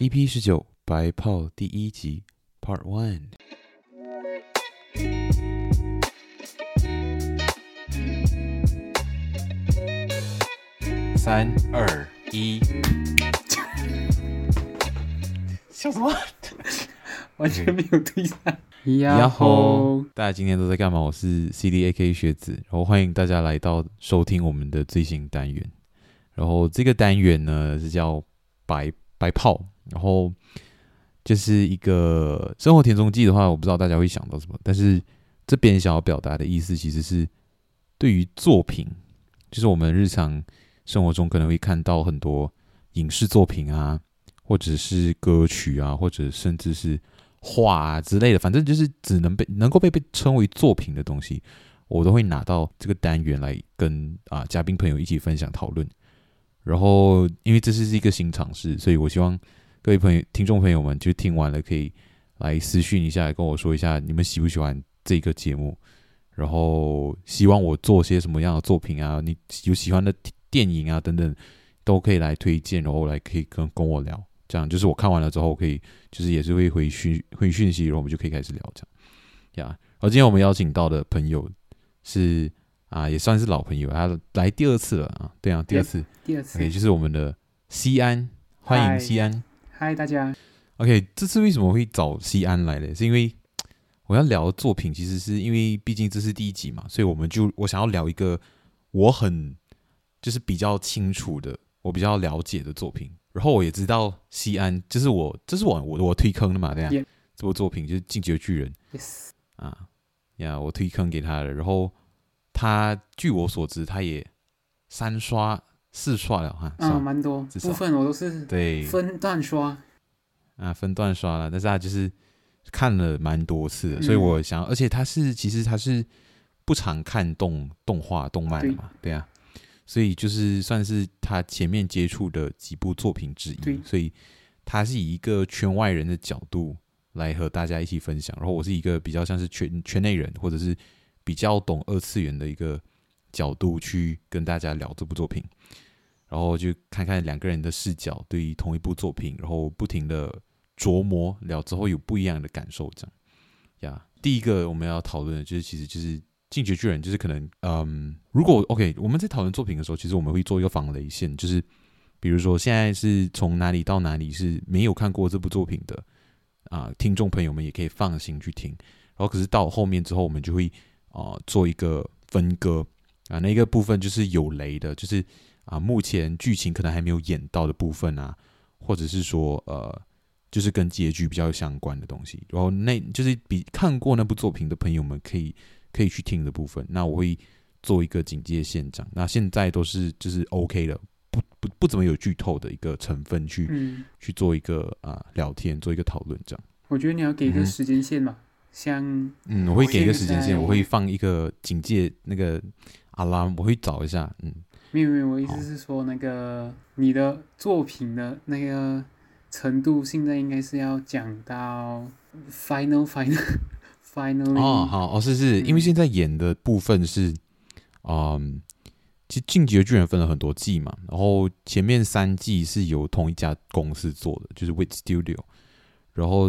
E.P. 十九白泡第一集，Part One。三二一，笑什麼？ 完全沒有退散。然、嗯、後，大家今天都在幹嘛？我是 C.D.A.K. 學子，然後歡迎大家來到收聽我們的最新單元。然後這個單元呢，是叫白。白泡，然後就是一個生活填充季的話，我不知道大家會想到什麼。但是這邊想要表達的意思，其實是對於作品，就是我們日常生活中可能會看到很多影視作品啊，或者是歌曲啊，或者甚至是畫啊之類的，反正就是只能被能夠被被稱為作品的東西，我都會拿到這個單元來跟啊嘉賓朋友一起分享討論。然後，因為這是一個新嘗試，所以我希望各位朋友、聽眾朋友們，就聽完了可以來私訊一下，跟我說一下你們喜不喜歡這個節目，然後希望我做些什麼樣的作品啊？你有喜歡的電影啊等等，都可以來推薦，然後來可以跟跟我聊。這樣就是我看完了之後，可以就是也是會回訊回訊息，然後我們就可以開始聊這樣。呀、yeah.，好，而今天我們邀請到的朋友是。啊，也算是老朋友，他、啊、來第二次了啊。對啊，第二次，第二次，okay, 就是我們的西安，歡迎西安，嗨大家。OK，這次為什麼會找西安來呢？是因為我要聊的作品，其實是因為畢竟這是第一集嘛，所以我們就我想要聊一個我很就是比較清楚的，我比較了解的作品。然後我也知道西安，就是我這、就是我我我推坑的嘛。對啊，這部作品就是《進擊的巨人》。Yes，啊呀，yeah, 我推坑給他了，然後。他據我所知，他也三刷四刷了哈。嗯，蠻、啊、多部分我都是對分段刷啊，分段刷了，但是他就是看了蠻多次、嗯，所以我想，而且他是其實他是不常看動動畫動漫的嘛對，對啊，所以就是算是他前面接觸的幾部作品之一，所以他是以一個圈外人的角度來和大家一起分享，然後我是一個比較像是圈圈內人或者是。比較懂二次元的一個角度去跟大家聊這部作品，然後就看看兩個人的視角對於同一部作品，然後不停的琢磨聊之後有不一樣的感受，這樣呀，yeah。第一個我們要討論的就是，其實就是《進擊巨人》，就是可能，嗯，如果 OK，我們在討論作品的時候，其實我們會做一個防雷線，就是比如說現在是從哪裡到哪裡是沒有看過這部作品的啊，聽眾朋友們也可以放心去聽，然後可是到後面之後，我們就會。啊、呃，做一個分割啊，那一個部分就是有雷的，就是啊，目前劇情可能還沒有演到的部分啊，或者是說呃，就是跟結局比較相關的東西。然後那就是比看過那部作品的朋友們可以可以去聽的部分。那我會做一個警戒線長。那現在都是就是 OK 的，不不不怎麼有劇透的一個成分去、嗯、去做一個啊、呃、聊天，做一個討論這樣。我覺得你要給一個時間線嘛。嗯像嗯，我會給一個時間線我，我會放一個警戒那個 alarm，我會找一下。嗯，沒有沒有，我意思是說，那個你的作品的那個程度，現在應該是要講到 final final finally 哦，好哦，是是，嗯，因為現在演的部分是，嗯，其實《進擊的巨人》分了很多季嘛，然後前面三季是由同一家公司做的，就是 Wit Studio，然後，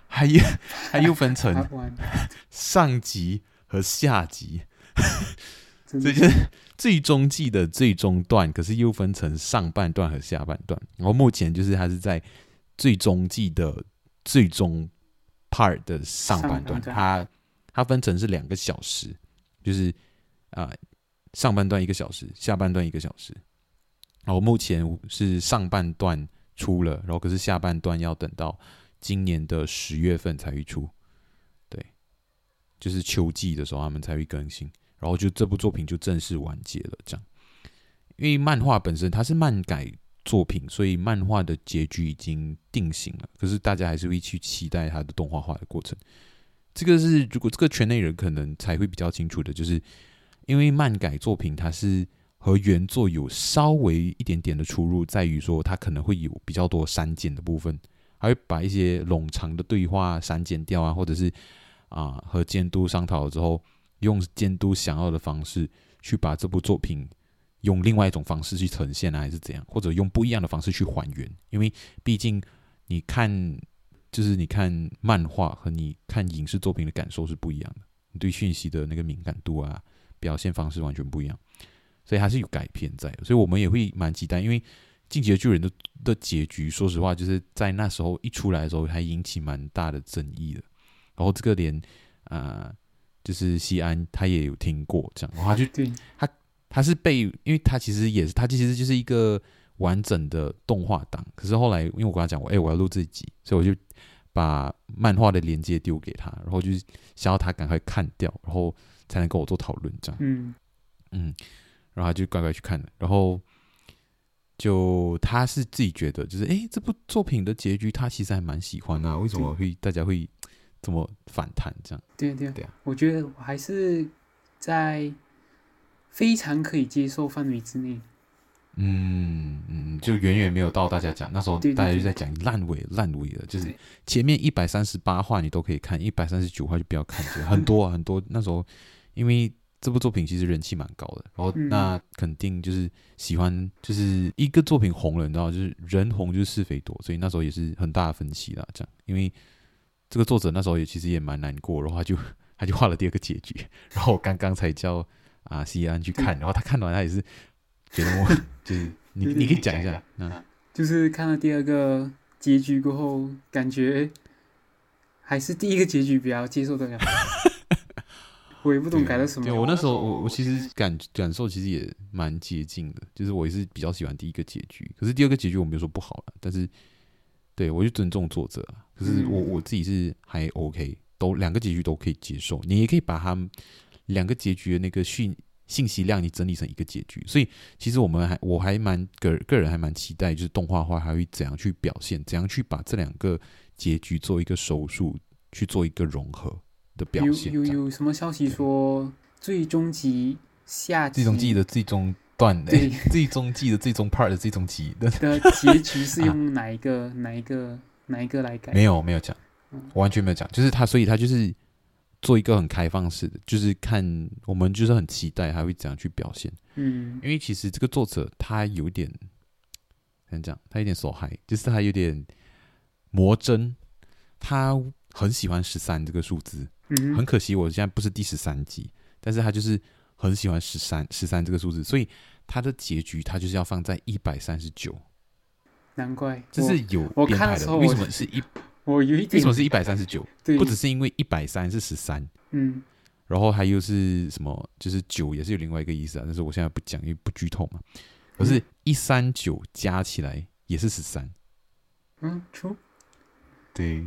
還 又還又分成上集和下集， 這就是最終季的最終段，可是又分成上半段和下半段。然後目前就是它是在最終季的最終 part 的上半段，它它分成是兩個小時，就是啊、呃、上半段一個小時，下半段一個小時。然後目前是上半段出了，然後可是下半段要等到。今年的十月份才會出，對，就是秋季的時候他們才會更新，然後就這部作品就正式完結了。這樣，因為漫畫本身它是漫改作品，所以漫畫的結局已經定型了。可是大家還是會去期待它的動畫化的過程。這個是如果這個圈內人可能才會比較清楚的，就是因為漫改作品它是和原作有稍微一點點的出入，在於說它可能會有比較多刪減的部分。還會把一些冗長的對話刪減掉啊，或者是啊，和監督商討之後，用監督想要的方式去把這部作品用另外一種方式去呈現啊，還是怎樣，或者用不一樣的方式去還原。因為畢竟你看，就是你看漫畫和你看影視作品的感受是不一樣的，你對訊息的那個敏感度啊，表現方式完全不一樣，所以還是有改編在，所以我們也會蠻期待，因為。進擊的巨人的的結局，說實話，就是在那時候一出來的時候，還引起蠻大的爭議的。然後這個連啊、呃，就是西安他也有聽過這樣。然後他就他，他是被，因為他其實也是，他其實就是一個完整的動畫黨。可是後來，因為我跟他講、欸，我誒我要錄這集，所以我就把漫畫的連接丟給他，然後就是想要他趕快看掉，然後才能跟我做討論這樣。嗯嗯，然後他就乖乖去看了，然後。就他是自己覺得，就是哎，這部作品的結局他其實還蠻喜歡啊。為什麼會大家會這麼反彈？這樣，對啊對啊，對啊，我覺得我還是在非常可以接受範圍之內。嗯嗯，就遠遠沒有到大家講那時候，大家就在講爛尾爛尾了。就是前面一百三十八話你都可以看，一百三十九話就不要看， 很多啊很多。那時候因為。這部作品其實人氣蠻高的，然後那肯定就是喜歡，就是一個作品紅了，你知道，就是人紅就是是非多，所以那時候也是很大的分歧啦。這樣，因為這個作者那時候也其實也蠻難過，然後他就他就畫了第二個結局。然後我剛剛才叫啊西安去看，然後他看完他也是覺得， 就是你你可以講一下，嗯，就是看了第二個結局過後，感覺還是第一個結局比較接受得了。 我也不懂改了什麼對。對，我那時候我我其實感感受其實也蠻接近的，就是我也是比較喜歡第一個結局。可是第二個結局，我沒有說不好了，但是對，我就尊重作者。可是我我自己是還 OK，都兩個結局都可以接受。你也可以把他們兩個結局的那個訊信息量，你整理成一個結局。所以其實我們還我還蠻個個人還蠻期待，就是動畫化還會怎樣去表現，怎樣去把這兩個結局做一個手術去做一個融合。有有有什麼消息說最終集下？最終季的最終段嘞，欸？最終季的最終 part 的最終集的， 的結局是用哪一個、啊？哪一個？哪一個來改？沒有沒有講，嗯、我完全沒有講，就是他，所以他就是做一個很開放式的，就是看我們就是很期待他會怎樣去表現。嗯，因為其實這個作者他有點，像這樣，他有點手嗨，就是他有點魔怔，他很喜歡十三這個數字。很可惜，我現在不是第十三集，但是他就是很喜歡十三十三這個數字，所以他的結局他就是要放在一百三十九，難怪這是有編排的我,我看的時候為什麼是一我有一點為什麼是一百三十九？不只是因為一百三是十三，嗯，然後還有是什麼？就是九也是有另外一個意思啊，但是我現在不講，因為不劇透嘛。可是一三九加起來也是十三，嗯，出。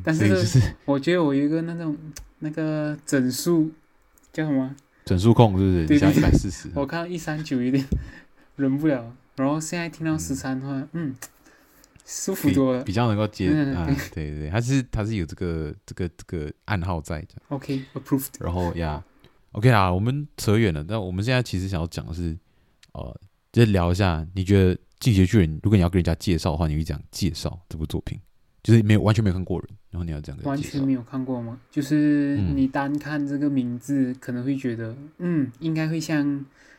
但是、就是、我覺得我有一個那種那個整數叫什麼整數控是不是？對，一百四十。我看到一三九有點忍不了，然後現在聽到十三的話嗯，嗯，舒服多了，比較能夠接。嗯、對、啊、對對,對，他是他是有這個這個這個暗號在的。OK approved。然後呀、yeah.，OK 啊，我們扯遠了。但我們現在其實想要講的是，呃，就聊一下，你覺得《進擊的巨人》如果你要跟人家介紹的話，你會講介紹這部作品？就是沒有完全沒有看過人，然後你要這樣完全沒有看過嗎？就是你單看這個名字，嗯、可能會覺得，嗯，應該會像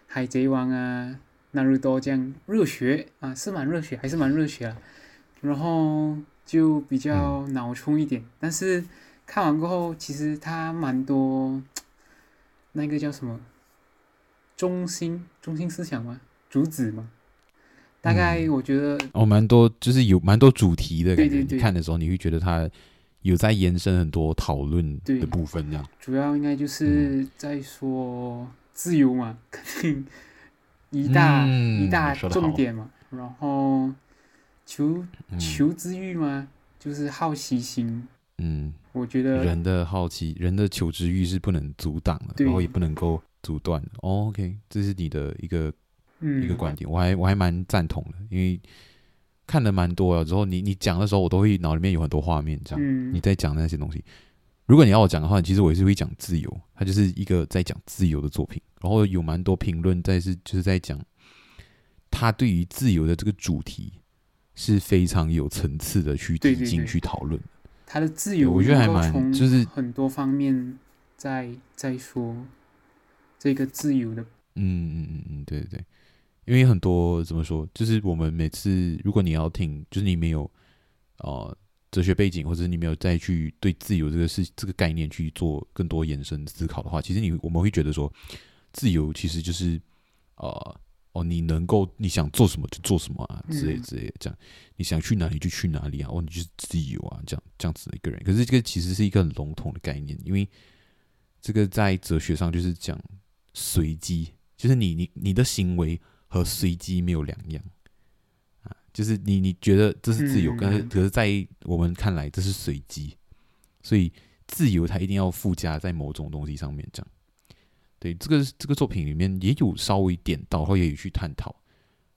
海、啊《海賊王》啊、《Naruto》這樣熱血啊，是蠻熱血，還是蠻熱血啊？然後就比較腦充一點、嗯，但是看完過後，其實它蠻多那個叫什麼中心中心思想嗎？主旨嗎？嗯、大概我覺得哦，蠻多就是有蠻多主題的感覺。對對對對你看的時候你會覺得他有在延伸很多討論的部分，這樣。主要應該就是在說自由嘛，肯、嗯、定 一大、嗯、一大重點嘛。然後求、嗯、求知欲嘛，就是好奇心。嗯，我覺得人的好奇，人的求知欲是不能阻擋的對，然後也不能夠阻斷。Oh, OK，這是你的一個。一個觀點，嗯、我還我還蠻贊同的，因為看的蠻多了之後你你講的時候，我都會腦裡面有很多畫面。這樣、嗯、你在講那些東西，如果你要我講的話，其實我也是會講自由。它就是一個在講自由的作品，然後有蠻多評論在是就是在講他對於自由的這個主題是非常有層次的去遞進去討論。他的自由，我覺得還蠻就是很多方面在在說這個自由的。嗯嗯嗯嗯，對對對。因為很多怎麼說，就是我們每次如果你要聽，就是你沒有呃哲學背景，或者是你沒有再去對自由這個事這個概念去做更多延伸思考的話，其實你我們會覺得說，自由其實就是啊、呃、哦，你能夠你想做什麼就做什麼啊之類之類這樣你想去哪裡就去哪裡啊，哦你就是自由啊，這樣這樣子的一個人。可是這個其實是一個很籠統的概念，因為這個在哲學上就是講隨機，就是你你你的行為。和隨機沒有兩樣，啊，就是你你覺得這是自由，是、嗯、可是，在我們看來這是隨機，所以自由它一定要附加在某種東西上面，這樣。對，這個這個作品裡面也有稍微點到，後也有去探討。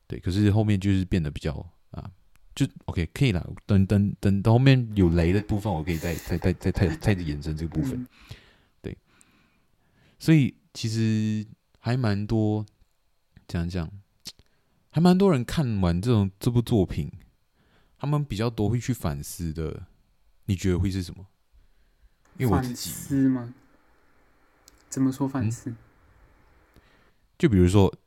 對，可是後面就是變得比較啊，就 OK 可以了。等等等到後面有雷的部分，我可以再再再再再再延伸這個部分。對，所以其實還蠻多。講講，還蠻多人看完這種這部作品，他們比較多會去反思的。你覺得會是什麼？因為我自己反思嗎？怎麼說反思？就比如說，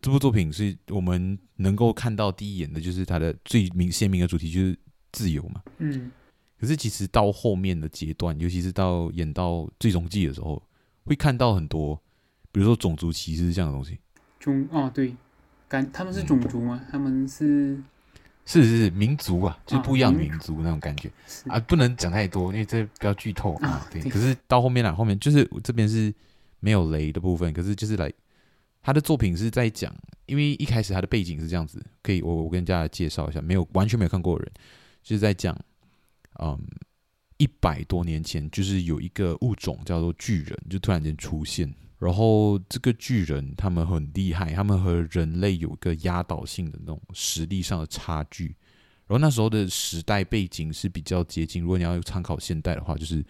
這部作品是我們能夠看到第一眼的，就是它的最明鮮明的主題就是自由嘛。嗯。可是其實到後面的階段，尤其是到演到最終季的時候，會看到很多，比如說種族歧視這樣的東西。哦，對，感他們是種族嗎？嗯、他們是是是，是民族啊，就是、不一樣的民族那種感覺啊，、嗯、啊，不能講太多，因為這比較劇透啊，啊對。對。可是到後面啦、啊，後面就是我這邊是沒有雷的部分，可是就是來他的作品是在講，因為一開始他的背景是這樣子，可以我我跟大家介紹一下，沒有完全沒有看過的人，就是在講，嗯，一百多年前就是有一個物種叫做巨人，就突然間出現。然後這個巨人他們很厲害，他們和人類有一個壓倒性的那種實力上的差距。然後那時候的時代背景是比較接近，如果你要參考現代的話，就是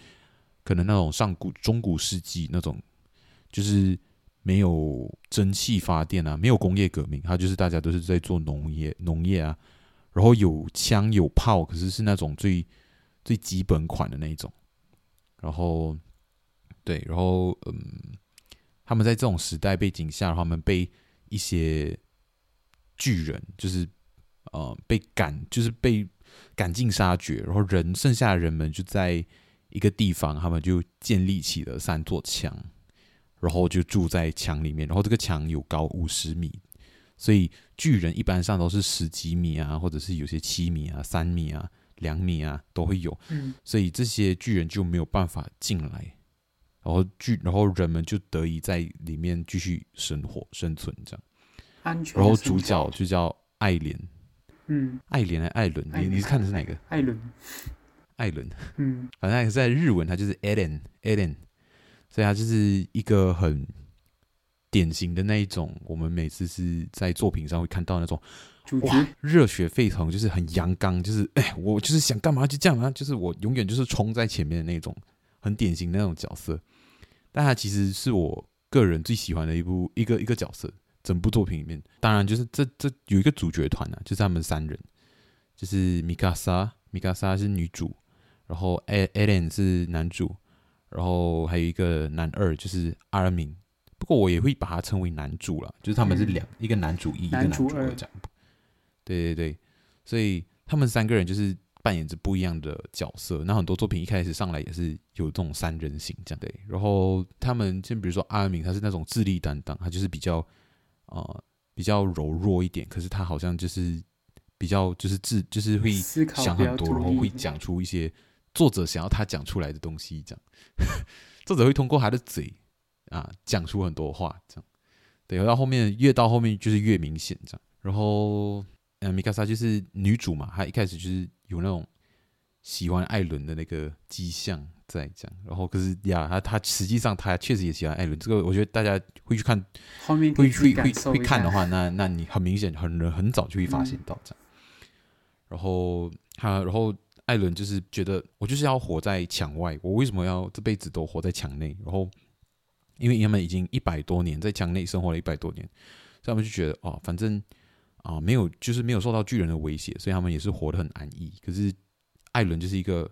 可能那種上古中古世紀那種，就是沒有蒸汽發電啊，沒有工業革命，它就是大家都是在做農業，農業啊，然後有槍有炮，可是是那種最最基本款的那種。然後，對，然後嗯、呃。他們在這種時代背景下，他們被一些巨人，就是呃被趕，就是被趕盡殺絕。然後人剩下的人們就在一個地方，他們就建立起了三座牆，然後就住在牆裡面。然後這個牆有高五十米，所以巨人一般上都是十幾米啊，或者是有些七米啊、三米啊、兩米啊都會有，嗯。所以這些巨人就沒有辦法進來。然後劇，然後人們就得以在裡面繼續生活、生存，這樣。然後主角就叫愛蓮。嗯。愛蓮還是艾，艾倫，你倫你是看的是哪個？艾倫。艾倫。艾倫嗯。反正在日文，它就是 Ellen，Ellen。所以他就是一個很典型的那一種，我們每次是在作品上會看到那種主，哇，熱血沸騰，就是很陽剛，就是哎，我就是想幹嘛就這樣，就是我永遠就是衝在前面的那種，很典型的那種角色。但他其實是我個人最喜歡的一部，一個一個角色，整部作品裡面。當然，就是這這有一個主角團啊，就是他們三人，就是米卡莎，米卡莎是女主，然後艾艾倫是男主，然後還有一個男二就是阿爾敏。不過我也會把他稱為男主了，就是他們是兩、嗯、一個男主一男主二一個男主這樣。對對對，所以他們三個人就是。扮演着不一樣的角色，那很多作品一開始上來也是有這種三人行這樣。對，然後他們就比如說阿明，他是那種智力擔當，他就是比較、呃、比較柔弱一點，可是他好像就是比較就是智，就是會想很多，然後會講出一些作者想要他講出來的東西，這樣呵呵。作者會通過他的嘴啊講出很多話，這樣。對，然後後面越到後面就是越明顯這樣，然後。嗯，米卡莎就是女主嘛，她一開始就是有那種喜歡艾倫的那個跡象在講，然後可是呀，她她實際上她確實也喜歡艾倫。這個我覺得大家會去看，會會會會看的話，那那你很明顯很很早就會發現到這樣。嗯、然後她，然後艾倫就是覺得，我就是要活在牆外，我為什麼要這輩子都活在牆內？然後因為他們已經一百多年在牆內生活了一百多年，所以他們就覺得哦，反正。啊，沒有，就是沒有受到巨人的威脅，所以他們也是活得很安逸。可是艾倫就是一個，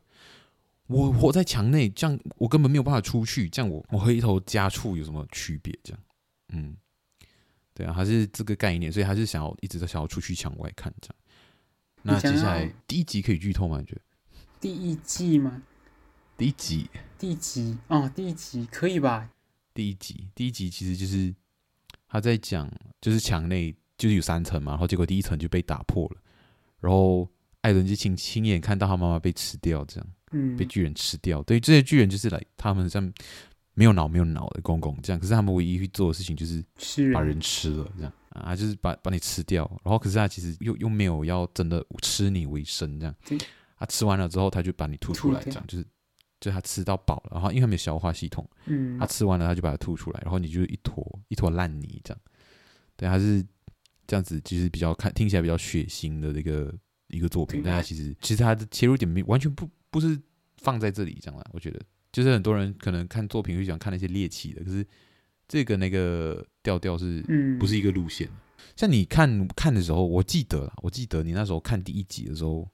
我活在牆內，這樣我根本沒有辦法出去，這樣我我和一頭家畜有什麼區別？這樣，嗯，對啊，還是這個概念，所以他是想要一直在想要出去牆外看。這樣，那接下來第一集可以劇透嗎？你覺得第一季嗎？第一集，第一集哦，第一集可以吧？第一集，第一集其實就是他在講，就是牆內。就是有三層嘛，然後結果第一層就被打破了，然後艾倫就親親眼看到他媽媽被吃掉，這樣，嗯，被巨人吃掉。對，這些巨人就是來，他們像沒有腦沒有腦的公公這樣，可是他們唯一會做的事情就是把人吃了，這樣啊，就是把把你吃掉。然後可是他其實又又沒有要真的吃你為生這樣，他、嗯啊、吃完了之後他就把你吐出來，這樣，這樣就是就他吃到飽了，然後因為他沒有消化系統，嗯、他吃完了他就把它吐出來，然後你就一坨一坨爛泥這樣，對，他是。這樣子就是比較看聽起來比較血腥的一個一個作品，但其實其實它的切入點沒完全不不是放在這裡，這樣啦。我覺得就是很多人可能看作品會想看那些獵奇的，可是這個那個調調是嗯，不是一個路線。嗯，像你看看的時候，我記得啦，我記得你那時候看第一集的時候，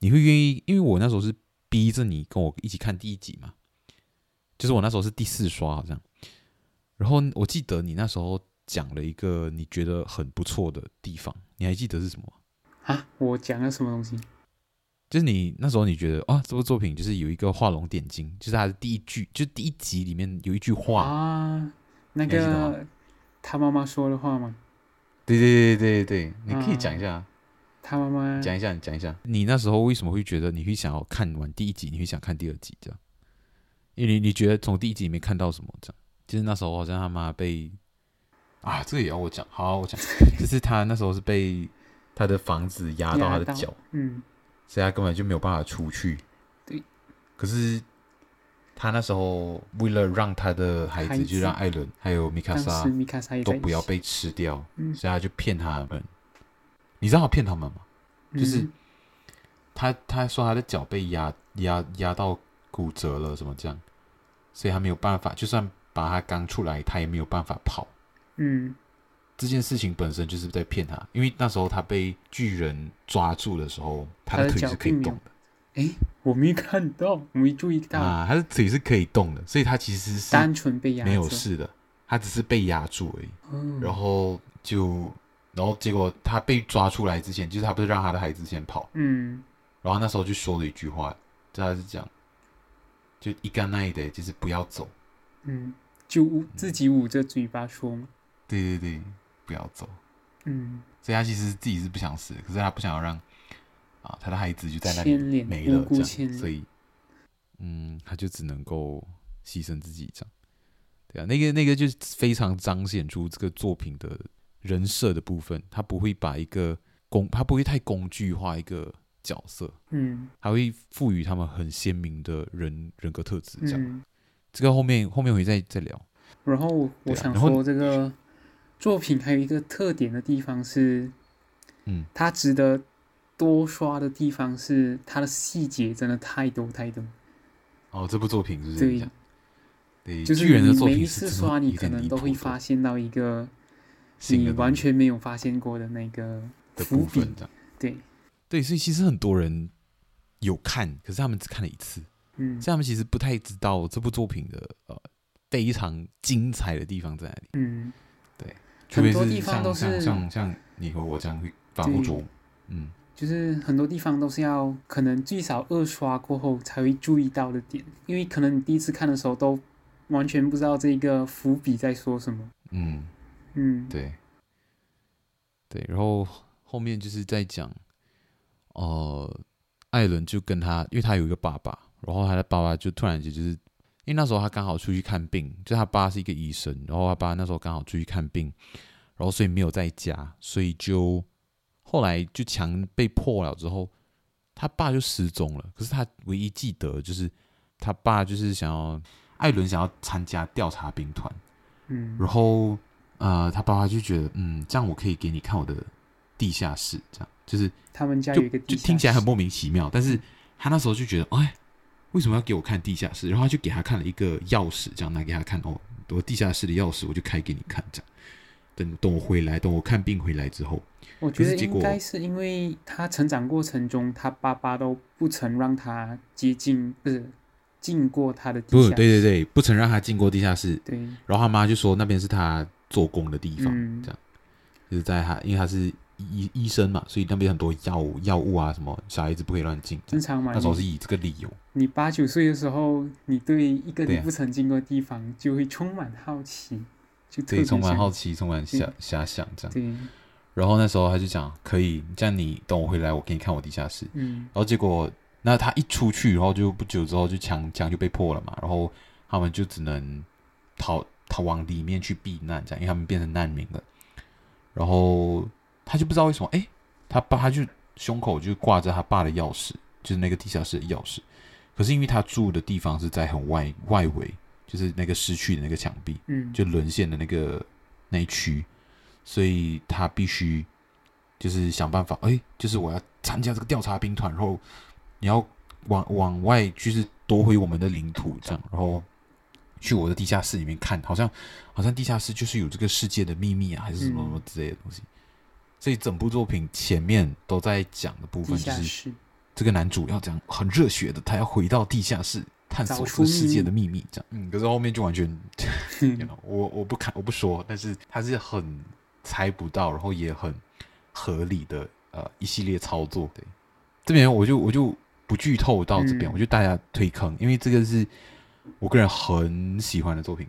你會願意，因為我那時候是逼着你跟我一起看第一集嘛，就是我那時候是第四刷好像，然後我記得你那時候。講了一個你覺得很不錯的地方，你還記得是什麼？啊，我講了什麼東西？就是你那時候你覺得啊，這部作品就是有一個畫龍點睛，就是他的第一句，就是第一集裡面有一句話啊，那個他媽媽說的話嗎？對對對對對，你可以講一下，他媽媽講一下，你講一下。你那時候為什麼會覺得你會想要看完第一集，你會想看第二集這樣？因為你，你覺得從第一集裡面看到什麼這樣？就是那時候好像他媽被。啊，這個也要我講？好，我講。就是他那時候是被他的房子壓到他的腳，嗯，所以他根本就沒有辦法出去。對。可是他那時候為了讓他的孩子，孩子就讓艾倫還有米卡莎，米卡莎也都不要被吃掉，嗯，所以他就騙他們。嗯、你知道我騙他們嗎？就是他他說他的腳被壓壓壓到骨折了，什麼這樣？所以他沒有辦法，就算把他剛出來，他也沒有辦法跑。嗯，這件事情本身就是在騙他，因為那時候他被巨人抓住的時候，他的腿是可以動的。誒、哎，我沒看到，我沒注意到啊，他的腿是可以動的，所以他其實是單純被壓住，沒有事的，他只是被壓住而已，嗯。然後就，然後結果他被抓出來之前，就是他不是讓他的孩子先跑，嗯，然後那時候就說了一句話，就他是講，就一干那一就是不要走，嗯，就自己捂着嘴巴說嘛。嗯對對對，不要走。嗯，所以他其實自己是不想死，可是他不想要讓啊他的孩子就在那裡沒了，千這樣千所以嗯，他就只能夠犧牲自己這樣。對啊，那個那個就是非常彰顯出這個作品的人設的部分，他不會把一個工，他不會太工具化一個角色，嗯，他會賦予他們很鮮明的人人格特質這樣。嗯，這個後面後面我們再再聊。然後我想說，啊，這個。作品還有一個特點的地方是，嗯，它值得多刷的地方是它的細節真的太多太多。哦，這部作品是不是？對，就是每一次刷，你，你可能都會發現到一個你完全沒有發現過的那個的，的部分。對，對，所以其實很多人有看，可是他們只看了一次，嗯，所以他們其實不太知道這部作品的呃非常精彩的地方在哪裡，嗯。很多地方都是，是像像，像，像你和我這樣，嗯，就是很多地方都是要可能最少二刷過後才會注意到的點，因為可能你第一次看的時候都完全不知道這個伏筆在說什麼，嗯嗯，對對，然後後面就是在講，呃，艾倫就跟他，因為他有一個爸爸，然後他的爸爸就突然間就，就是。因為那時候他剛好出去看病，就他爸是一個醫生，然後他爸那時候剛好出去看病，然後所以沒有在家，所以就後來就牆被破了之後，他爸就失蹤了。可是他唯一記得就是他爸就是想要艾倫想要參加調查兵團，嗯，然後啊、呃，他爸爸就覺得嗯，這樣我可以給你看我的地下室，這樣就是他們家有一個就，就聽起來很莫名其妙，嗯、但是他那時候就覺得哎。為什麼要給我看地下室？然後他就給他看了一個鑰匙，這樣拿給他看，哦，我地下室的鑰匙，我就開給你看，這樣等等我回來，等我看病回來之後，我覺得應該是因為他成長過程中，他爸爸都不曾讓他接近，不是進過他的地下室，不，對對對，不曾讓他進過地下室。對，然後他媽就說那邊是他做工的地方，嗯，這樣就是在他，因為他是。醫醫生嘛，所以那邊很多藥藥物啊什麼，小孩子不可以亂進，正常嘛，他總是以這個理由。你，你八九歲的時候，你對一個你不曾經過的地方就會充滿好奇，對啊、就對，充滿好奇，充滿遐遐想這樣。然後那時候他就講可以，這樣你等我回來，我給你看我地下室。嗯。然後結果那他一出去，然後就不久之後就牆牆就被破了嘛，然後他們就只能逃逃往裡面去避難，這樣因為他們變成難民了。然後。他就不知道為什麼，哎，他爸他就胸口就掛着他爸的鑰匙，就是那個地下室的鑰匙。可是因為他住的地方是在很外外圍，就是那個失去的那個牆壁，嗯，就淪陷的那個那一區，所以他必須就是想辦法，哎，就是我要參加這個調查兵團，然後你要往往外就是奪回我們的領土，這樣，然後去我的地下室裡面看，好像好像地下室就是有這個世界的祕密啊，還是什麼什麼什麼之類的東西。所以整部作品前面都在講的部分就是，這個男主要講很熱血的，他要回到地下室探索出世界的秘密，這樣。嗯，可是後面就完全，嗯、 我我不看我不說，但是他是很猜不到，然後也很合理的呃一系列操作。對，這邊我就我就不劇透到這邊，嗯、我覺得大家推坑，因為這個是我個人很喜歡的作品，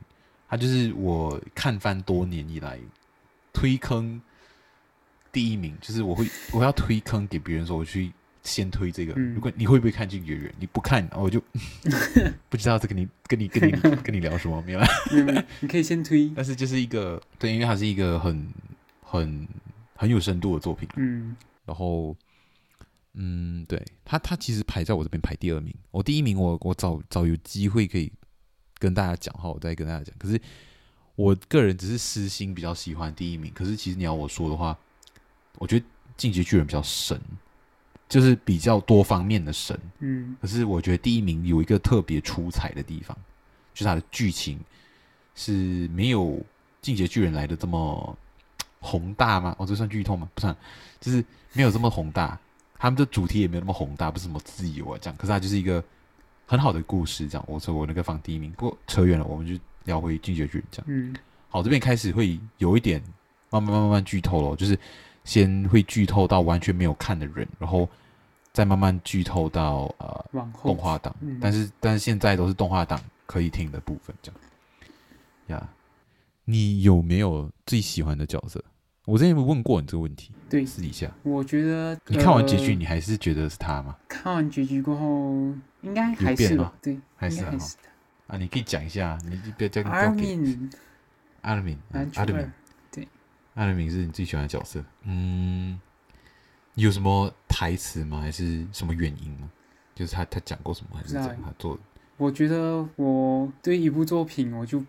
他就是我看番多年以來推坑。第一名就是我會，我要推坑給別人說，我去先推這個。嗯、如果你會不會看這個遠，你不看，我就 不知道這跟你、跟你、跟你、你跟你聊什麼。明 白沒有，明白。你可以先推，但是就是一個對，因為它是一個很、很、很有深度的作品。嗯，然後，嗯，對他，他其實排在我這邊排第二名。我第一名我，我我早早有機會可以跟大家講，好，我再跟大家講。可是我個人只是私心比較喜歡第一名。可是其實你要我說的話。我覺得《進擊巨人》比較神，就是比較多方面的神。嗯，可是我覺得第一名有一個特別出彩的地方，就是它的劇情是沒有《進擊巨人》來的這麼宏大嗎？哦，這算劇透嗎？不算、啊，就是沒有這麼宏大。他們的主題也沒有那麼宏大，不是什麼自由啊這樣。可是它就是一個很好的故事，這樣我我那個放第一名。不過扯遠了，我們就聊回《進擊巨人》這樣。嗯，好，這邊開始會有一點慢慢慢慢慢劇透了，就是。先會劇透到完全沒有看的人，然後再慢慢劇透到呃動畫黨、嗯，但是但是現在都是動畫黨可以聽的部分這樣。呀，yeah. 你有沒有最喜歡的角色？我之前有沒有問過你這個問題？對，私底下。我覺得你看完結局、呃，你還是覺得是他嗎？看完結局過後，應該還是變嗎？對，還是很好還是他。啊，你可以講一下，你比較講你更喜歡。阿明、嗯，阿明，阿明。他的名字，你最喜歡的角色？嗯，有什麼台詞嗎？還是什麼原因嗎？就是他，他講過什麼，還是講他做的？我覺得我對一部作品，我就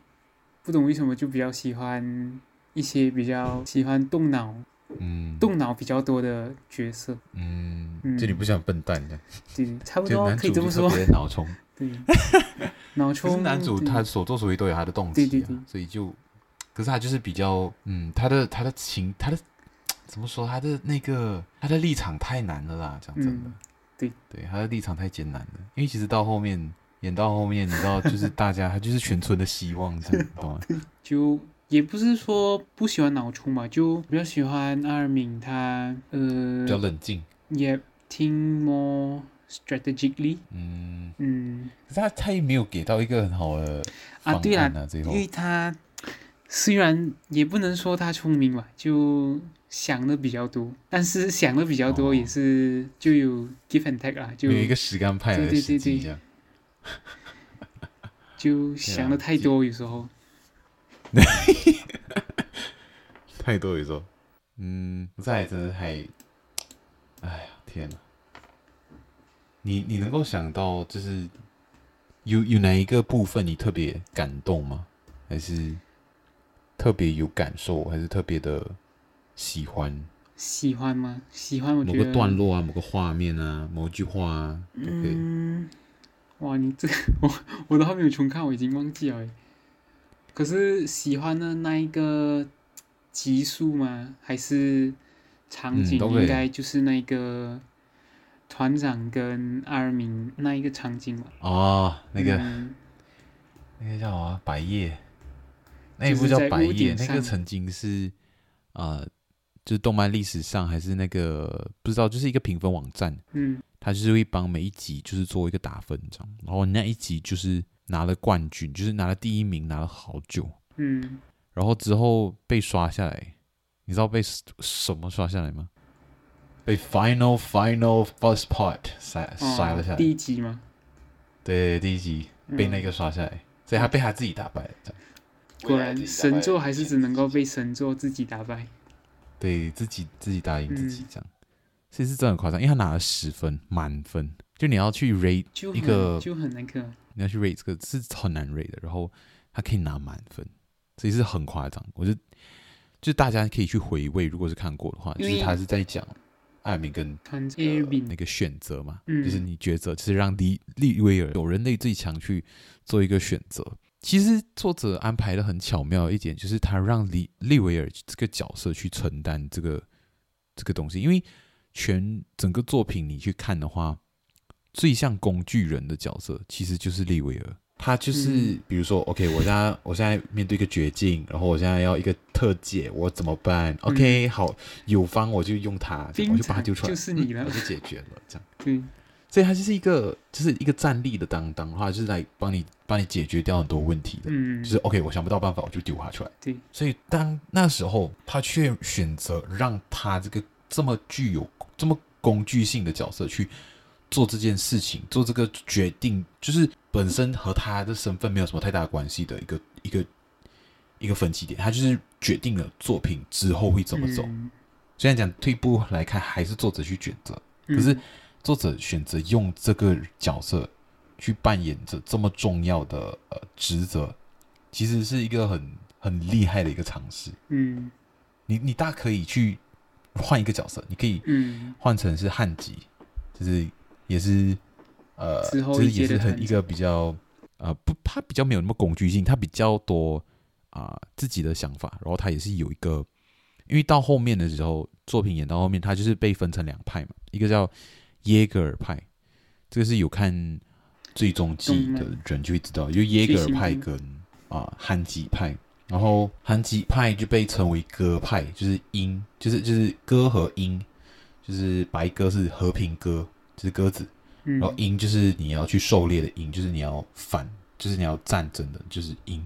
不懂為什麼就比較喜歡一些比較喜歡動腦，嗯，動腦比較多的角色，嗯，嗯，就你不像笨蛋的、嗯。對，差不多可以這麼說， 腦蟲。 對， 腦蟲。其實男主他所作所為都有他的動機，啊對對對對，所以就。可是他就是比較，嗯，他的他的情他的怎麼說？他的那個他的立場太難了啦，講真的，嗯、對對，他的立場太艱難了。因為其實到後面演到後面，你知道，就是大家 他就是全村的希望， 是懂嗎？就也不是說不喜歡腦出嘛，就比較喜歡阿爾敏，他呃比較冷靜，也聽 more strategically，嗯嗯，可是他他也沒有給到一個很好的方案啊，啊對啊這種，因為他。雖然也不能說他聰明吧，就想的比較多，但是想的比較多也是就有 give and take 啦，就有一個實幹派，對對對對， 就想的太多，有時候， 太多，有時候，嗯，在真的太，哎呀，天吶。你你能夠想到就是有有哪一個部分你特別感動嗎？還是？特別有感受，還是特別的喜歡？喜歡嗎？喜歡我？某個段落啊，某個畫面啊，某句話啊？嗯，okay、哇，你這個、我我都還沒有重看，我已經忘記了。可是喜歡的那一個集數嗎？還是場景？嗯、應該就是那個團長跟阿爾敏那一個場景嘛？哦，那個，嗯、那個叫什麼、啊？白夜。就是、那部叫《白夜》，那個曾經是，呃，就是動漫歷史上還是那個不知道，就是一個評分網站，嗯，他就是會幫每一集就是做一個打分，這樣，然後那一集就是拿了冠軍，就是拿了第一名，拿了好久，嗯，然後之後被刷下來，你知道被什麼刷下來嗎？被 Final Final First Part 刷、哦、刷了下來，第一集嗎？對，第一集被那個刷下來，嗯、所以他被他自己打敗了。果然神作還是只能夠被神作自己打敗，嗯、對，自己自己打贏自己這樣，其實真的很誇張，因為他拿了十分滿分，就你要去 rate 一個，就很，就很難看，你要去 rate 這個是很難 rate 的，然後他可以拿滿分，所以是很誇張。我就，就是大家可以去回味，如果是看過的話，就是他是在講艾米跟，這個呃、那個選擇嘛、嗯，就是你抉擇，就是讓利利威爾有人類最強去做一個選擇。其實作者安排的很巧妙一點，就是他讓利利威爾這個角色去承擔這個這個東西，因為全整個作品你去看的話，最像工具人的角色其實就是利威爾，他就是、嗯、比如說，OK，我現在我現在面對一個絕境，然後我現在要一個特解，我怎麼辦？OK，、嗯、好，有方我就用它，我就把它丟出來、就是你了嗯，我就解決了，這樣，嗯。所以他就是一個，就是一個戰力的擔當，當的話，話就是來幫你幫你解決掉很多問題的。嗯，就是 OK，我想不到辦法，我就丟他出來。對，所以當那時候他卻選擇讓他這個這麼具有這麼工具性的角色去做這件事情，做這個決定，就是本身和他的身份沒有什麼太大關係的一個一個一個分歧點。他就是決定了作品之後會怎麼走。嗯、雖然講退步來看，還是作者去選擇，嗯、可是。作者選擇用這個角色去扮演着這麼重要的呃、職責，其實是一個很很厲害的一個嘗試。嗯，你你大可以去換一個角色，你可以嗯換成是漢吉、嗯，就是也是呃，其實、就是、也是很一個比較呃不他比較沒有那麼工具性，他比較多啊、呃、自己的想法，然後他也是有一個，因為到後面的時候作品演到後面，他就是被分成兩派嘛，一個叫。耶格爾派，這個是有看最終季的人就會知道，因為耶格爾派跟啊韓吉派，然後韓吉派就被稱為鴿派，就是鷹，就是就是鴿和鷹，就是白鴿是和平鴿，就是鴿子、嗯，然後鷹就是你要去狩獵的鷹，就是你要反，就是你要戰爭的，就是鷹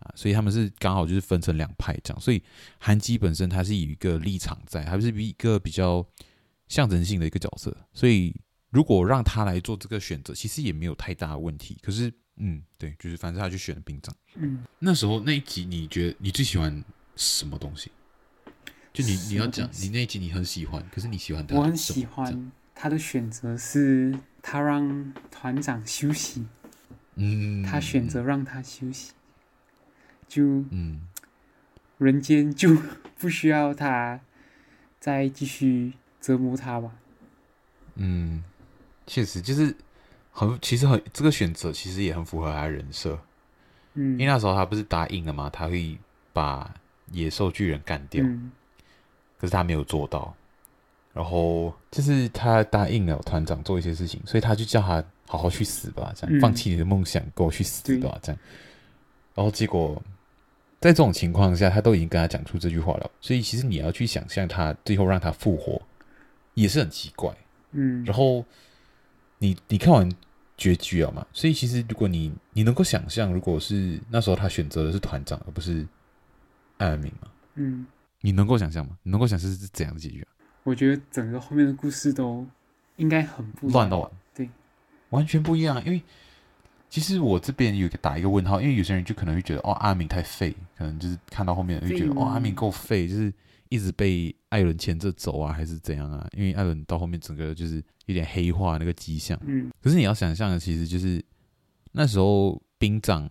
啊，所以他們是剛好就是分成兩派這樣，所以韓吉本身它是有一個立場在，它是一個比較。象徵性的一個角色，所以如果讓他來做這個選擇，其實也沒有太大的問題。可是，嗯，對，就是反正他就選了兵長。嗯，那時候那一集你覺得你最喜歡什麼東西？就你你要講你那一集你很喜歡，可是你喜歡的，我很喜歡他的選擇是他讓團長休息。嗯，他選擇讓他休息，就嗯，人間就不需要他再繼續。折磨他吧。嗯，確實就是很，其實很這個選擇其實也很符合他人設。嗯，因為那時候他不是答應了嘛，他會把野獸巨人幹掉、嗯，可是他沒有做到。然後就是他答應了團長做一些事情，所以他就叫他好好去死吧，這樣、嗯、放棄你的夢想，跟我去死吧、嗯，對，這樣。然後結果在這種情況下，他都已經跟他講出這句話了，所以其實你要去想象他最後讓他復活。也是很奇怪，嗯。然後你你看完結局了、啊、嘛？所以其實如果你你能夠想象，如果是那時候他選擇的是團長而不是阿明嘛，嗯，你能夠想象嗎？你能夠想象是怎樣的結局、啊？我覺得整個後面的故事都應該很不一樣，亂亂，對，完全不一樣。因為其實我這邊有個打一個問號，因為有些人就可能會覺得哦，阿明太廢，可能就是看到後面會覺得哦，阿明夠廢，就是一直被。艾倫牽着走啊，還是怎樣啊？因為艾倫到後面整個就是有點黑化那個跡象。嗯。可是你要想象的其實就是那時候兵長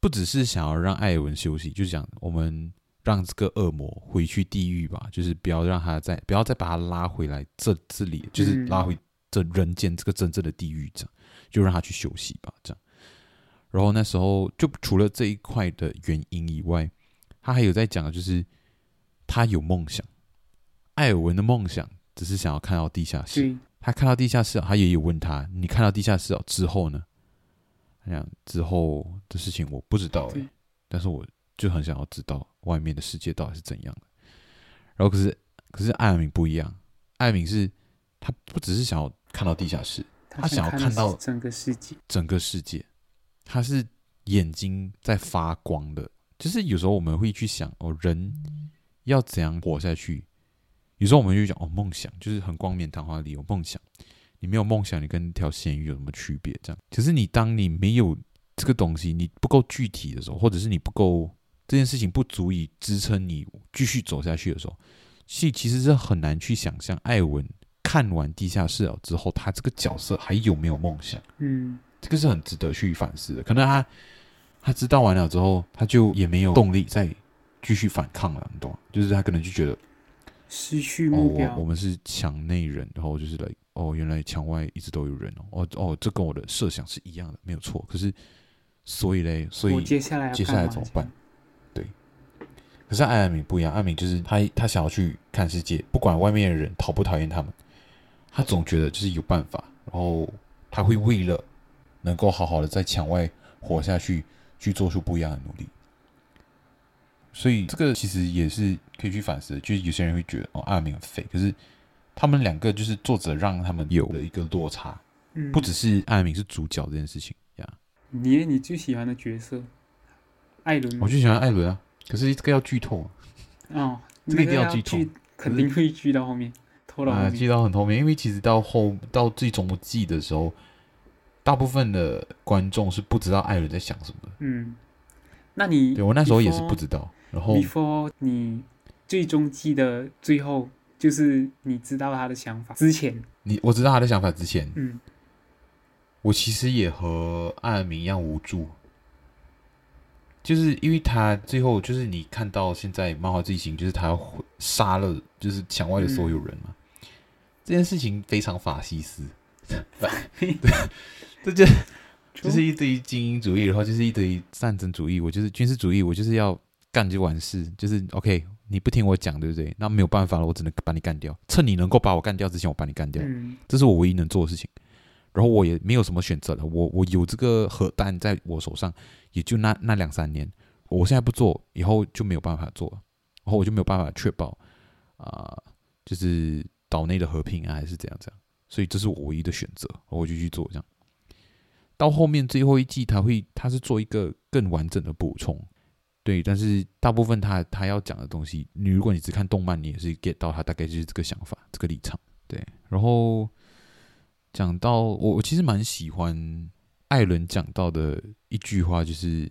不只是想要讓艾倫休息，就是講我們讓這個惡魔回去地獄吧，就是不要讓他再不要再把他拉回來這這裡，就是拉回這人間這個真正的地獄，這樣就讓他去休息吧。這樣，然後那時候就除了這一塊的原因以外，他還有在講的就是他有夢想。艾爾文的夢想只是想要看到地下室。他看到地下室，他也有問他：“你看到地下室，哦，之後呢？”他想，之後的事情我不知道誒，但是我就很想要知道外面的世界到底是怎樣的。然後可、可是可是艾爾敏不一樣，艾爾敏是他不只是想要看到地下室，他想要看到整個世界，整個世界，他是眼睛在發光的。就是有時候我們會去想哦，人要怎樣活下去？比如說我們就講哦，夢想就是很冠冕堂皇的理由。夢想，你沒有夢想，你跟條鹹魚有什麼區別？這樣。可是你當你沒有這個東西，你不夠具體的時候，或者是你不夠這件事情不足以支撐你繼續走下去的時候，其其實是很難去想象艾文看完地下室了之後，他這個角色還有沒有夢想？嗯，這個是很值得去反思的。可能他他知道完了之後，他就也沒有動力再繼續反抗了。你懂嗎？就是他可能就覺得。失去目標，哦、我，我們是牆內人，然後就是來、like, 哦，原來牆外一直都有人哦，哦哦，這跟我的設想是一樣的，沒有錯。可是，所以嘞，所以接下來接下來怎麼辦？對，可是艾爾敏不一樣，艾爾敏就是他，他想要去看世界，不管外面的人討不討厭他們，他總覺得就是有辦法，然後他會為了能夠好好的在牆外活下去，去做出不一樣的努力。所以這個其實也是可以去反思的，就是有些人會覺得哦，阿爾敏很廢，可是他們兩個就是作者讓他們有了一個落差，嗯、不只是阿爾敏是主角這件事情。你你最喜歡的角色，艾倫？我最喜歡艾倫啊。可是這個要劇透、啊，哦，這個一定要劇透、那個要，肯定會劇到後面，拖到劇、啊、到很後面。因為其實到後到最終季的時候，大部分的觀眾是不知道艾倫在想什麼。嗯，那你對我那時候也是不知道。before 你最終記得最後就是你知道他的想法之前，你我知道他的想法之前，嗯，我其實也和艾爾明一樣無助，就是因為他最後就是你看到現在漫畫劇情，就是他殺了就是牆外的所有人嘛，嗯、這件事情非常法西斯，對， 這就就是一堆精英主義，然後就是一堆戰爭主義，我就是軍事主義，我就是要。幹就完事，就是 OK。你不聽我講，對不對？那沒有辦法了，我只能把你幹掉。趁你能夠把我幹掉之前，我把你幹掉。嗯，這是我唯一能做的事情。然後我也沒有什麼選擇了。我我有這個核彈在我手上，也就那那兩三年。我現在不做，以後就沒有辦法做。然後我就沒有辦法確保啊，呃，就是島內的和平啊，還是怎樣怎樣。所以這是我唯一的選擇，我就去做這樣。到後面最後一季，他會他是做一個更完整的補充。對，但是大部分他他要講的東西，你如果你只看動漫，你也是 get 到他大概就是這個想法，這個立場。對，然後講到我，我其實蠻喜歡艾倫講到的一句話，就是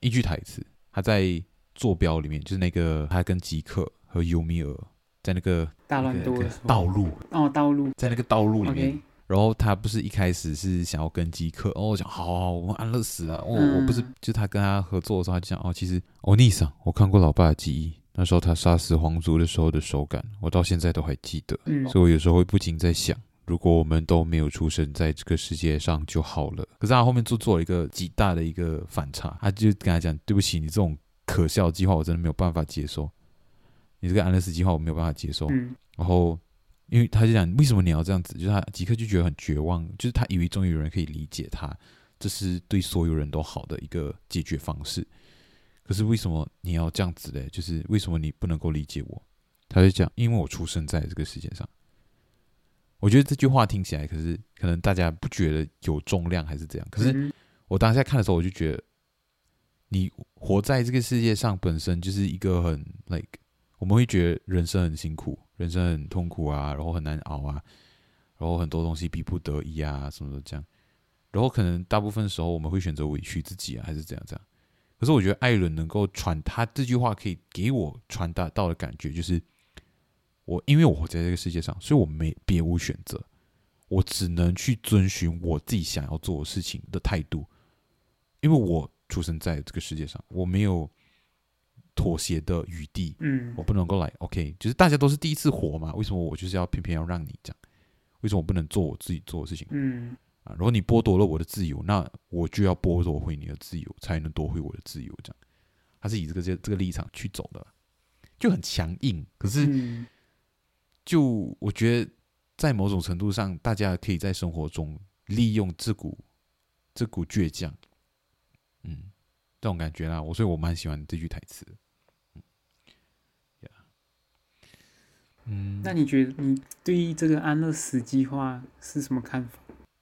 一句台詞，他在坐標裡面，就是那個他跟吉克和尤米爾在那個大亂鬥、那個、道路哦，道路在那個道路裡面。Okay. 然後他不是一開始是想要跟吉克，哦，我講好，好，我們安樂死啊、嗯！哦，我不是就他跟他合作的時候，他就講哦，其實哦，尼桑，我看過老爸的記憶，那時候他殺死皇族的時候的手感，我到現在都還記得，嗯。所以我有時候會不禁在想，如果我們都沒有出生在這個世界上就好了。可是他後面就做了一個極大的一個反差，他就跟他講：“對不起，你這種可笑的計劃，我真的沒有辦法接受。你這個安樂死計劃，我沒有辦法接受。嗯”然後。因為他就講，為什麼你要這樣子？就是他即刻就覺得很絕望，就是他以為終於有人可以理解他，這是對所有人都好的一個解決方式。可是為什麼你要這樣子嘞？就是為什麼你不能夠理解我？他就講，因為我出生在這個世界上。我覺得這句話聽起來，可是可能大家不覺得有重量，還是怎樣。可是我當下看的時候，我就覺得，你活在這個世界上本身就是一個很，like，我們會覺得人生很辛苦。人生很痛苦啊，然後很難熬啊，然後很多東西逼不得已啊，什麼的。這樣，然後可能大部分時候我們會選擇委屈自己啊，還是怎樣這樣。可是我覺得艾倫能夠傳他這句話，可以給我傳達到的感覺，就是我因為我在這個世界上，所以我沒別無選擇，我只能去遵循我自己想要做的事情的態度，因為我出生在這個世界上，我沒有。妥協的餘地，嗯，我不能夠來，OK，就是大家都是第一次活嘛，為什麼我就是要偏偏要讓你這樣？為什麼我不能做我自己做的事情？嗯，啊，如果你剝奪了我的自由，那我就要剝奪回你的自由，才能奪回我的自由。這樣，他是以這個這這個立場去走的，就很強硬。可是，就我覺得在某種程度上，大家可以在生活中利用這股這股倔強，嗯，這種感覺啦。我所以，我蠻喜歡這句台詞。嗯，那你覺得你對這個安樂死計劃是什麼看法？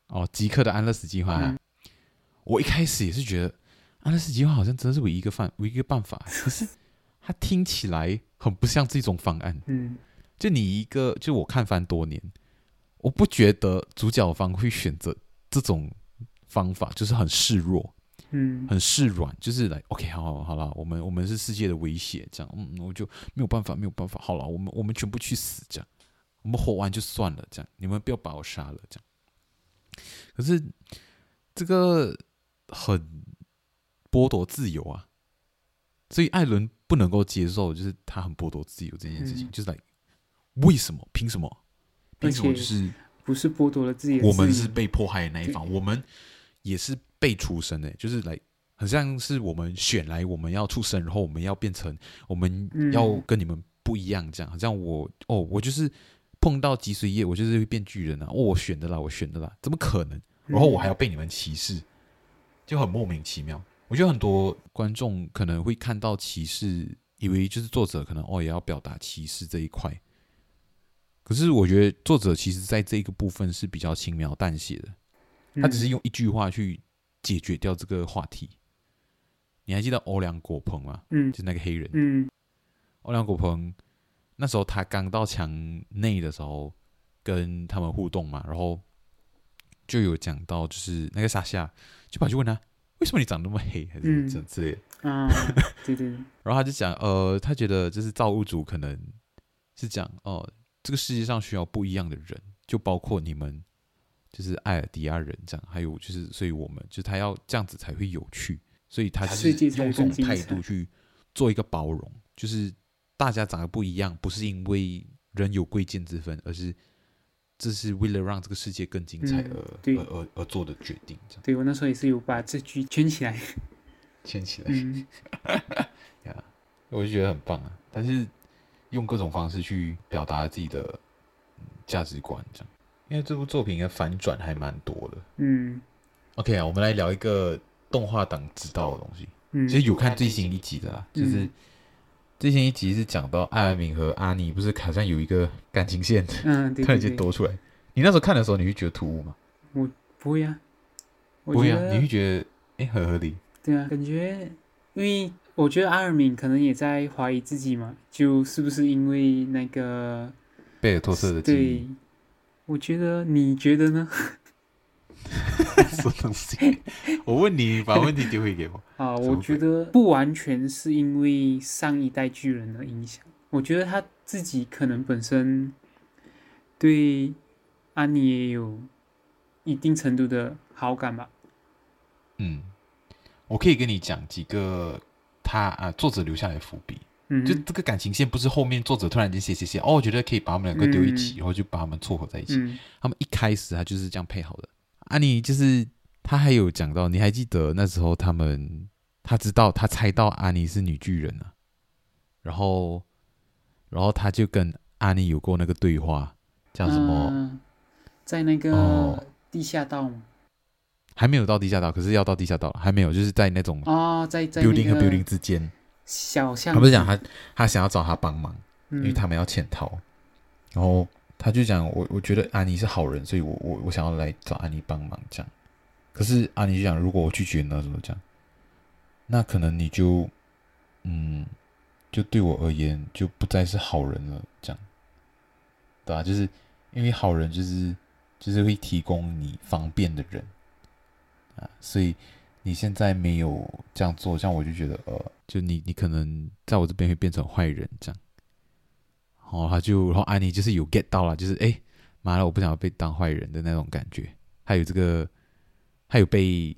哦，吉克的安樂死計劃，啊嗯，我一開始也是覺得安樂死計劃好像真的是唯一一個辦唯一一個辦法，啊，可是它聽起來很不像這種方案。嗯，就你一個，就我看番多年，我不覺得主角方會選擇這種方法，就是很示弱。嗯，很示軟，就是來，OK，好好好了，我們我們是世界的威脅，這樣，嗯，我就沒有辦法，沒有辦法，好了，我們我們全部去死，這樣，我們活完就算了，這樣，你們不要把我殺了，這樣。可是這個很剝奪自由啊，所以艾倫不能夠接受，就是他很剝奪自由這件事情，嗯，就是來，為什麼？憑什麼？憑什麼？就是不是剝奪了自己，我們是被迫害的那一方，嗯，我們也是。被出生的，欸、就是來，好像是我們選來，我們要出生，然後我們要變成，我們要跟你們不一樣，這樣好像我哦，我就是碰到脊髓液，我就是會變巨人啊！哦，我選的啦，我選的啦，怎麼可能？然後我還要被你們歧視，就很莫名其妙。我覺得很多觀眾可能會看到歧視，以為就是作者可能哦也要表達歧視這一塊。可是我覺得作者其實在這個部分是比較輕描淡寫的，他只是用一句話去。解決掉這個話題，你還記得歐良果鵬嗎？嗯，就是、那個黑人。嗯，歐良果鵬那時候他剛到牆內的時候，跟他們互動嘛，然後就有講到，就是那個莎夏就跑去問他，為什麼你長那麼黑，還是怎麼之類的、嗯、啊？對對，對。 然後他就講，呃，他覺得就是造物主可能是講，哦、呃，這個世界上需要不一樣的人，就包括你們。就是艾爾迪亞人這樣，還有就是，所以我們就他要這樣子才會有趣，所以他就是用這種態度去做一個包容，就是大家長得不一樣，不是因為人有貴賤之分，而是這是為了讓這個世界更精彩而、嗯，而而而做的決定。對我那時候也是有把這句圈起來，圈起來，嗯，哈 哈、yeah, 我就覺得很棒啊。但是用各種方式去表達自己的價值觀這樣。因為這部作品的反轉還蠻多的。嗯，OK 啊，我們來聊一個動畫黨知道的東西。嗯，其實有看最新一集的啦，啊嗯，就是最新一集是講到阿爾敏和阿尼不是好像有一個感情線的，嗯，突然間多出來。 你那時候看的時候，你會覺得突兀嗎？我不會啊，不會啊，你會覺得哎、欸、很合理。對啊，感覺因為我覺得阿爾敏可能也在懷疑自己嘛，就是不是因為那個貝爾托特的記憶。對我覺得，你覺得呢 我問你，把問題丟回給我啊！我覺得不完全是因為上一代巨人的影響，我覺得他自己可能本身對安妮也有一定程度的好感吧。嗯，我可以跟你講幾個他啊作者留下來的伏筆。就這個感情線不是後面作者突然間寫寫寫哦，我覺得可以把他們兩個丟一起，嗯、然後就把他們撮合在一起、嗯。他們一開始他就是這樣配好的。阿尼就是他還有講到，你還記得那時候他們他知道他猜到阿尼是女巨人啊，然後然後他就跟阿尼有過那個對話，叫什麼？呃、在那個地下道嗎、哦？還沒有到地下道，可是要到地下道了。還沒有，就是在那種哦，在在、那個、building 和 building 之間。小象，他不是講他，他想要找他幫忙，因為他們要潛逃。嗯，然後他就講我，我覺得阿尼是好人，所以我我我想要來找阿尼幫忙這樣。可是阿尼就講，如果我拒絕呢？怎麼講？那可能你就，嗯，就對我而言就不再是好人了，這樣，對啊，就是因為好人就是就是會提供你方便的人啊，所以。你現在沒有這樣做，像我就覺得，呃，就你你可能在我這邊會變成壞人這樣。哦，他就然後阿尼就是有 get 到了，就是誒、欸，媽的，我不想要被當壞人的那種感覺。還有這個，還有被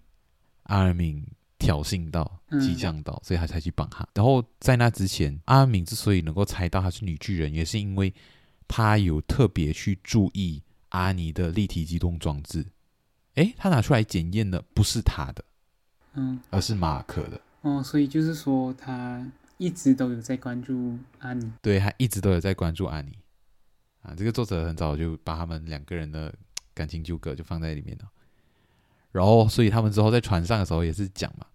阿爾敏挑釁到激將到，所以他才去幫他，嗯。然後在那之前，阿明之所以能夠猜到他是女巨人，也是因為他有特別去注意阿尼的立體機動裝置。誒、欸，他拿出來檢驗的不是他的。嗯，而是馬克的、嗯、哦，所以就是說他一直都有在關注阿尼，對他一直都有在關注阿尼啊。這個作者很早就把他們兩個人的感情糾葛就放在裡面了，然後所以他們之後在船上的時候也是講嘛，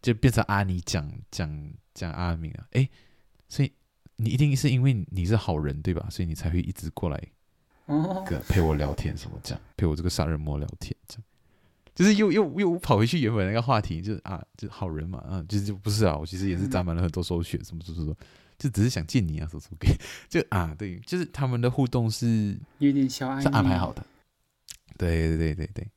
就變成阿尼講講講阿明啊，哎、欸，所以你一定是因為你是好人對吧？所以你才會一直過來，哦，陪我聊天什麼這樣、哦，陪我這個殺人魔聊天這樣。就是又又又跑回去原本那個話題，就是啊，啊，就是好人嘛，嗯，就是就不是啊，我其實也是沾滿了很多鮮血，嗯，什麼什麼什麼，就只是想見你啊，什麼什麼，什麼，就啊，對，就是他們的互動是有點小安是安排好的，對對對對對，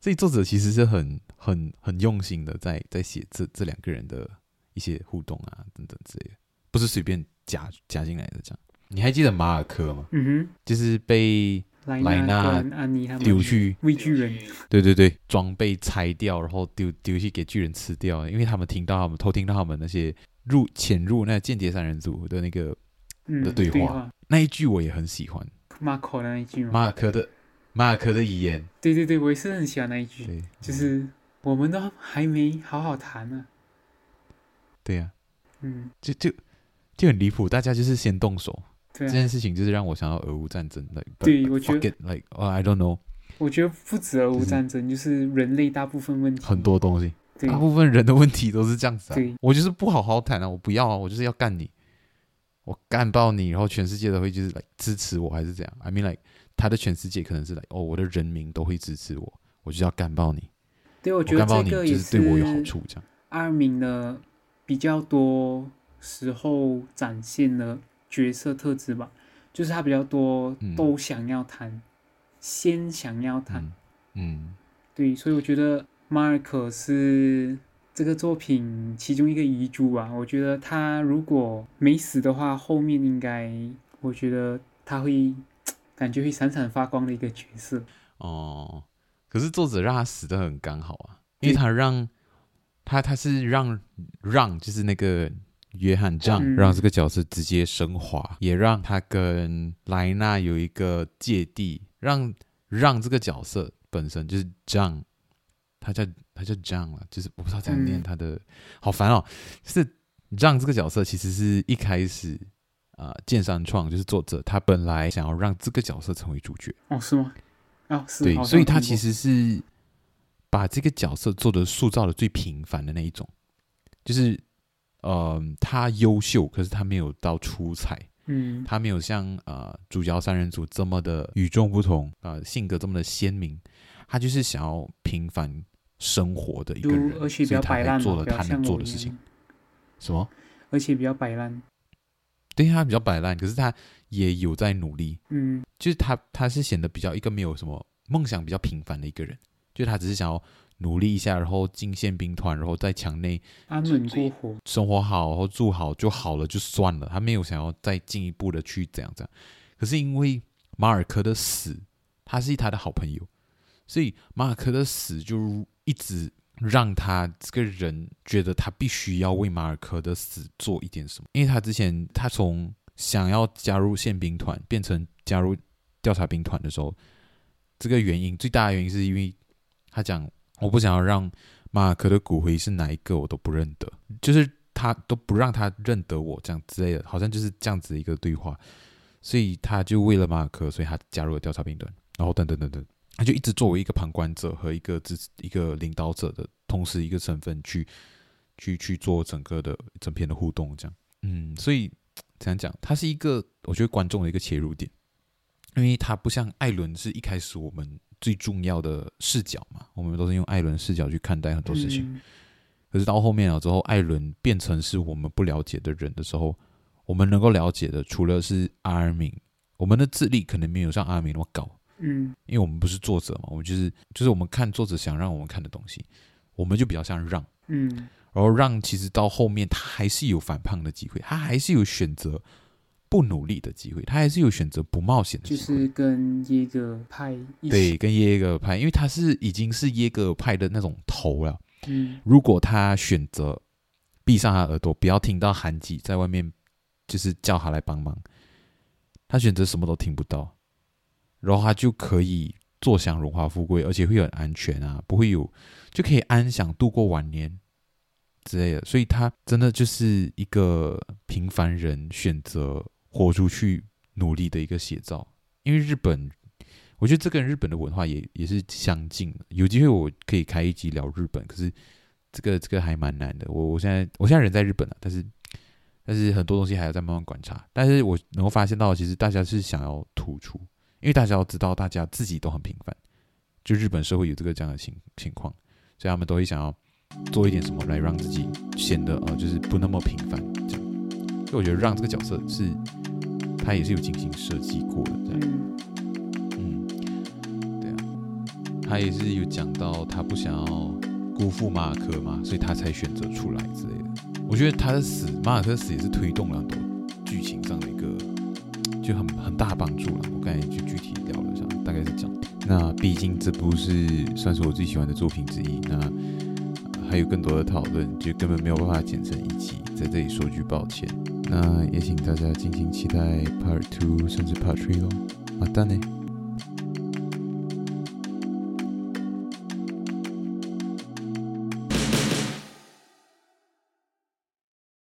所以作者其實是很很很用心的在在寫這這兩個人的一些互動啊等等之類的，不是隨便加加進來的。這樣，你還記得馬爾可嗎？嗯哼，就是被。萊納、安妮他們丟去餵巨人，對對對，裝備拆掉，然後丟丟去給巨人吃掉。因為他們聽到他們偷聽到他們那些入潛入那間諜三人組的那個、嗯、的對話對、啊，那一句我也很喜歡。馬可的那一句，馬可的馬可的遺言，對，對對對，我也是很喜歡那一句，對，就是、嗯、我們都還沒好好談呢、啊。對呀，嗯，就就就很離譜，大家就是先動手。啊、這件事情就是讓我想到俄烏戰爭的。Like, 對，like, 我覺得，like，get、oh, I don't know。我覺得不止俄烏戰爭、就是，就是人類大部分問題，很多東西，對大部分人的問題都是這樣子、啊對。我就是不好好談啊，我不要啊，我就是要幹你，我幹爆你，然後全世界都會就是來支持我還是怎樣？I mean，like，他的全世界可能是來哦，oh, 我的人民都會支持我，我就要幹爆你，我幹爆你就是對我有好處。對，我覺得這個也是。阿明呢，比較多時候展現了。角色特質吧，就是他比較多都想要談、嗯，先想要談、嗯，嗯，對，所以我覺得馬爾可是這個作品其中一個遺珠吧。我覺得他如果沒死的話，後面應該我覺得他會感覺會閃閃發光的一個角色。哦，可是作者讓他死得很剛好啊，因為他讓他他是讓讓就是那個。約翰讓、讓這個角色直接昇華、嗯，也讓他跟萊納有一個芥蒂，讓讓這個角色本身就是讓，他叫他叫讓了，就是我不知道怎樣念他的，嗯、好煩哦、喔。是讓這個角色其實是一開始啊，諫、呃、山創就是作者他本來想要讓這個角色成為主角哦，是嗎？哦、啊，是。對，所以他其實是把這個角色做的塑造的最平凡的那一種，就是。呃，他優秀，可是他沒有到出彩。嗯，他沒有像呃主角三人組這麼的與眾不同，啊、呃，性格這麼的鮮明。他就是想要平凡生活的一個人，而且比較擺爛啊，所以他還做了他能做的事情。什麼？而且比較擺爛。對，他比較擺爛，可是他也有在努力。嗯，就是他他是顯得比較一個沒有什麼夢想、比較平凡的一個人。就是、他只是想要。努力一下，然後進憲兵團，然後在牆內安穩過活，生活好，然後住好就好了，就算了。他沒有想要再進一步的去怎樣怎樣。可是因為馬爾科的死，他是他的好朋友，所以馬爾科的死就一直讓他這個人覺得他必須要為馬爾科的死做一點什麼。因為他之前他從想要加入憲兵團變成加入調查兵團的時候，這個原因最大的原因是因為他講。我不想要讓馬爾可的骨灰是哪一個，我都不認得，就是他都不讓他認得我這樣之類的，好像就是這樣子一個對話。所以他就為了馬爾可，所以他加入了調查兵團，然後等等等等，他就一直作為一個旁觀者和一個支持一個領導者的，同時一個身份去去去做整個的整篇的互動，這樣。嗯，所以怎樣講，他是一個我覺得觀眾的一個切入點，因為他不像艾倫是一開始我們最重要的視角嘛，我們都是用艾倫視角去看待很多事情，嗯。可是到後面了之後，艾倫變成是我們不了解的人的時候，我們能夠了解的，除了是阿爾敏，我們的智力可能沒有像阿爾敏那麼高。嗯，因為我們不是作者嘛，我們就是就是我們看作者想讓我們看的東西，我們就比較像讓。嗯，然後讓其實到後面他還是有反抗的機會，他還是有選擇不努力的機會，他還是有選擇不冒險的機會。就是跟耶格派一起，對，跟耶格派，因為他是已經是耶格派的那種頭了。嗯，如果他選擇閉上他耳朵，不要聽到韓吉在外面，就是叫他來幫忙，他選擇什麼都聽不到，然後他就可以坐享榮華富貴，而且會很安全啊，不會有，就可以安享度過晚年之類的。所以，他真的就是一個平凡人選擇。活出去努力的一個寫照，因為日本，我覺得這跟日本的文化也也是相近的。有機會我可以開一集聊日本，可是這個這個還蠻難的。我我現在我現在人在日本了啊，但是但是很多東西還要再慢慢觀察。但是我能夠發現到，其實大家是想要突出，因為大家要知道，大家自己都很平凡，就日本社會有這個這樣的情情況，所以他們都會想要做一點什麼來讓自己顯得呃就是不那麼平凡。所以我覺得讓這個角色是，他也是有精心設計過的，這樣，嗯，對啊，他也是有講到他不想要辜負馬爾科嘛，所以他才選擇出來之類的。我覺得他的死，馬爾科的死也是推動了很多劇情上的一個就很很大幫助了。我剛才就具體聊了下，想大概是這樣。那畢竟這部是算是我最喜歡的作品之一，那還有更多的討論就根本沒有辦法剪成一集。在這裡說句抱歉，那也請大家敬請期待 Part Two，甚至 Part Three 嘍。